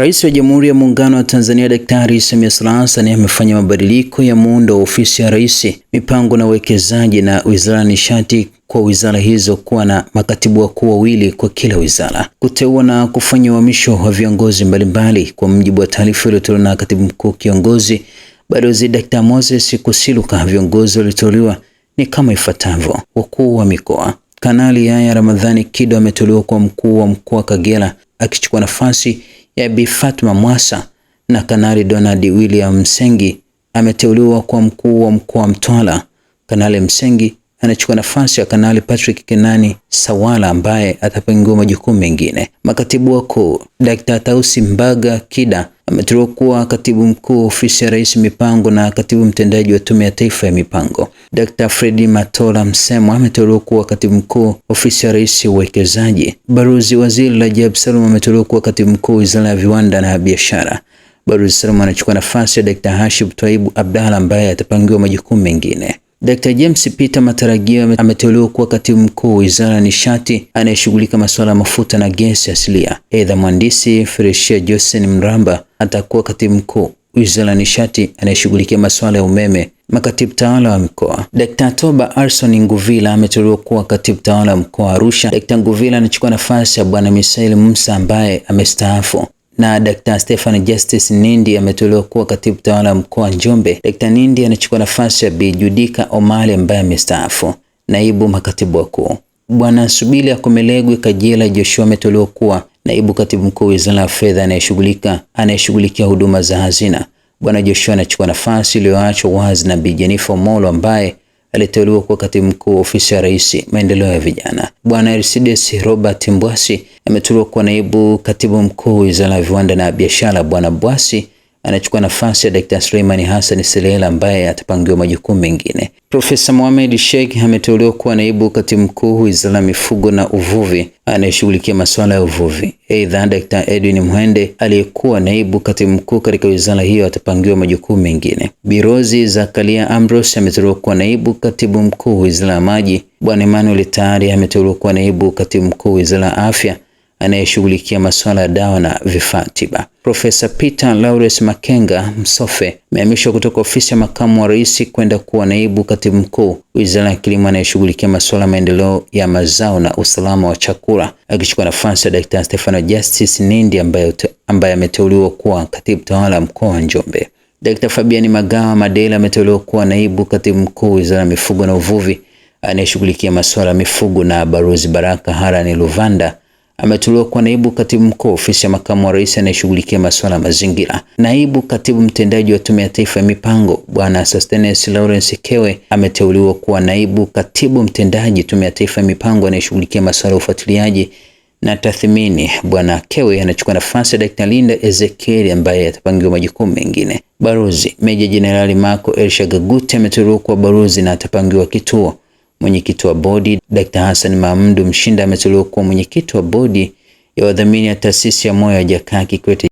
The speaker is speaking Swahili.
Rais wa Jamhuri ya Muungano wa Tanzania Daktari Samia Suluhu Hassan amefanya mabadiliko ya muundo wa ofisi ya Rais, mipango na uwekezaji na Wizara ya Nishati kwa wizara hizo kuwa na makatibu wakuu wawili kwa kila wizara, kuteua na kufanya uhamisho wa viongozi mbalimbali. Kwa mujibu wa taarifa iliyotolewa na Katibu Mkuu Kiongozi Balozi Daktari Moses Kusiluka, viongozi walioteuliwa ni kama ifuatavyo: wakuu wa mikoa Kanali Yaya Ramadhani Kido ameteuliwa kwa mkuu wa mkoa Kagera akichukua nafasi ya Bi Fatma Mwasa na Kanali Donald William Msengi ameteuliwa kwa mkuu wa mkoa wa Mtwara. Kanali Msengi anachukua nafasi ya Kanali Patrick Kenani Sawala ambaye atapangiwa majukumu mengine. Makatibu wakuu, Dr. Tausi Mbaga Kida ameteuliwa kuwa katibu mkuu ofisi ya rais mipango na katibu mtendaji wa tume ya taifa ya mipango. Dr. Fredi Matola Msemwa ameteuliwa kuwa katibu mkuu ofisi ya rais uwekezaji. Baruzi Waziri Rajab Salum ameteuliwa kuwa katibu mkuu wizara ya viwanda na biashara. Baruzi Salum anachukua nafasi ya Dr. Hashib Twaibu Abdalla ambaye atapangiwa majukumu mengine. Dr. James Peter Matarajio ameteuliwa kuwa katibu mkuu wizara ya nishati anayeshughulika masuala ya mafuta na gesi asilia. Aidha, mhandisi Freshia Josen Mramba atakuwa katibu mkuu wizara ya nishati anayeshughulikia masuala ya umeme, makatibu tawala wa mikoa. Dkt. Toba Arson Nguvila ameteuliwa kuwa katibu tawala wa mkoa wa Arusha. Dkt. Nguvila anachukua nafasi ya Bwana Misael Musa ambaye amestaafu na Dkt. Stephen Justice Nindi ametolewa kuwa katibu tawala mkoa Njombe. Dkt. Nindi anachukua nafasi ya Bi Judika Omale ambaye amestaafu naibu makatibu wakuu. Bwana Subili Akomelegwe Kajela Joshua ametolewa kuwa naibu katibu mkuu wizara ya fedha anayeshughulika anayeshughulikia huduma za hazina. Bwana Joshua anachukua nafasi iliyoachwa wazi na Bi Jenifa Molo ambaye aliteuliwa kuwa katibu mkuu ofisi ya rais maendeleo ya vijana. Bwana ercides Robert Mbwasi ameteuliwa kuwa naibu katibu mkuu wizara ya viwanda na biashara. Bwana Bwasi anachukua nafasi ya Dr. Suleiman Hassan Selela ambaye atapangiwa majukumu mengine. Profesa Mohamed Sheikh ameteuliwa kuwa naibu katibu mkuu Wizara ya Mifugo na Uvuvi anayeshughulikia masuala ya uvuvi. Aidha, Dr. Edwin Mwende aliyekuwa naibu katibu mkuu katika wizara hiyo atapangiwa majukumu mengine. Birozi Zakaria Ambrose ameteuliwa kuwa naibu katibu mkuu Wizara ya Maji. Bwana Emmanuel Tayari ameteuliwa kuwa naibu katibu mkuu Wizara ya Afya anayeshughulikia masuala ya dawa na vifaa tiba. Profesa Peter Lawrence Makenga Msofe amehamishwa kutoka ofisi ya makamu wa rais kwenda kuwa naibu katibu mkuu wizara ya kilimo anayeshughulikia masuala ya maendeleo ya mazao na usalama wa chakula, akichukua nafasi ya Daktari Stefano Justice Nindi ambaye ameteuliwa kuwa katibu tawala mkoa wa Njombe. Dkt. fabian Magawa Madela ameteuliwa kuwa naibu katibu mkuu wizara ya mifugo na uvuvi anayeshughulikia masuala ya mifugo, na Baruzi Baraka Harani Luvanda ameteuliwa kuwa naibu katibu mkuu ofisi ya makamu wa rais anayeshughulikia masuala ya mazingira. Naibu katibu mtendaji wa tume ya taifa ya mipango bwana Sostenes Lawrence Kewe ameteuliwa kuwa naibu katibu mtendaji tume ya taifa ya mipango anayeshughulikia masuala ya ufuatiliaji na tathmini. Bwana Kewe anachukua nafasi ya Daktari Linda Ezekiel ambaye atapangiwa majukumu mengine. Balozi Meja Jenerali Marco Elisha ameteuliwa kuwa balozi na atapangiwa kituo Mwenyekiti wa bodi Dkt. Hassan mamdu Mshinda ameteuliwa kuwa mwenyekiti wa bodi ya wadhamini ya taasisi ya moyo ya Jakaya Kikwete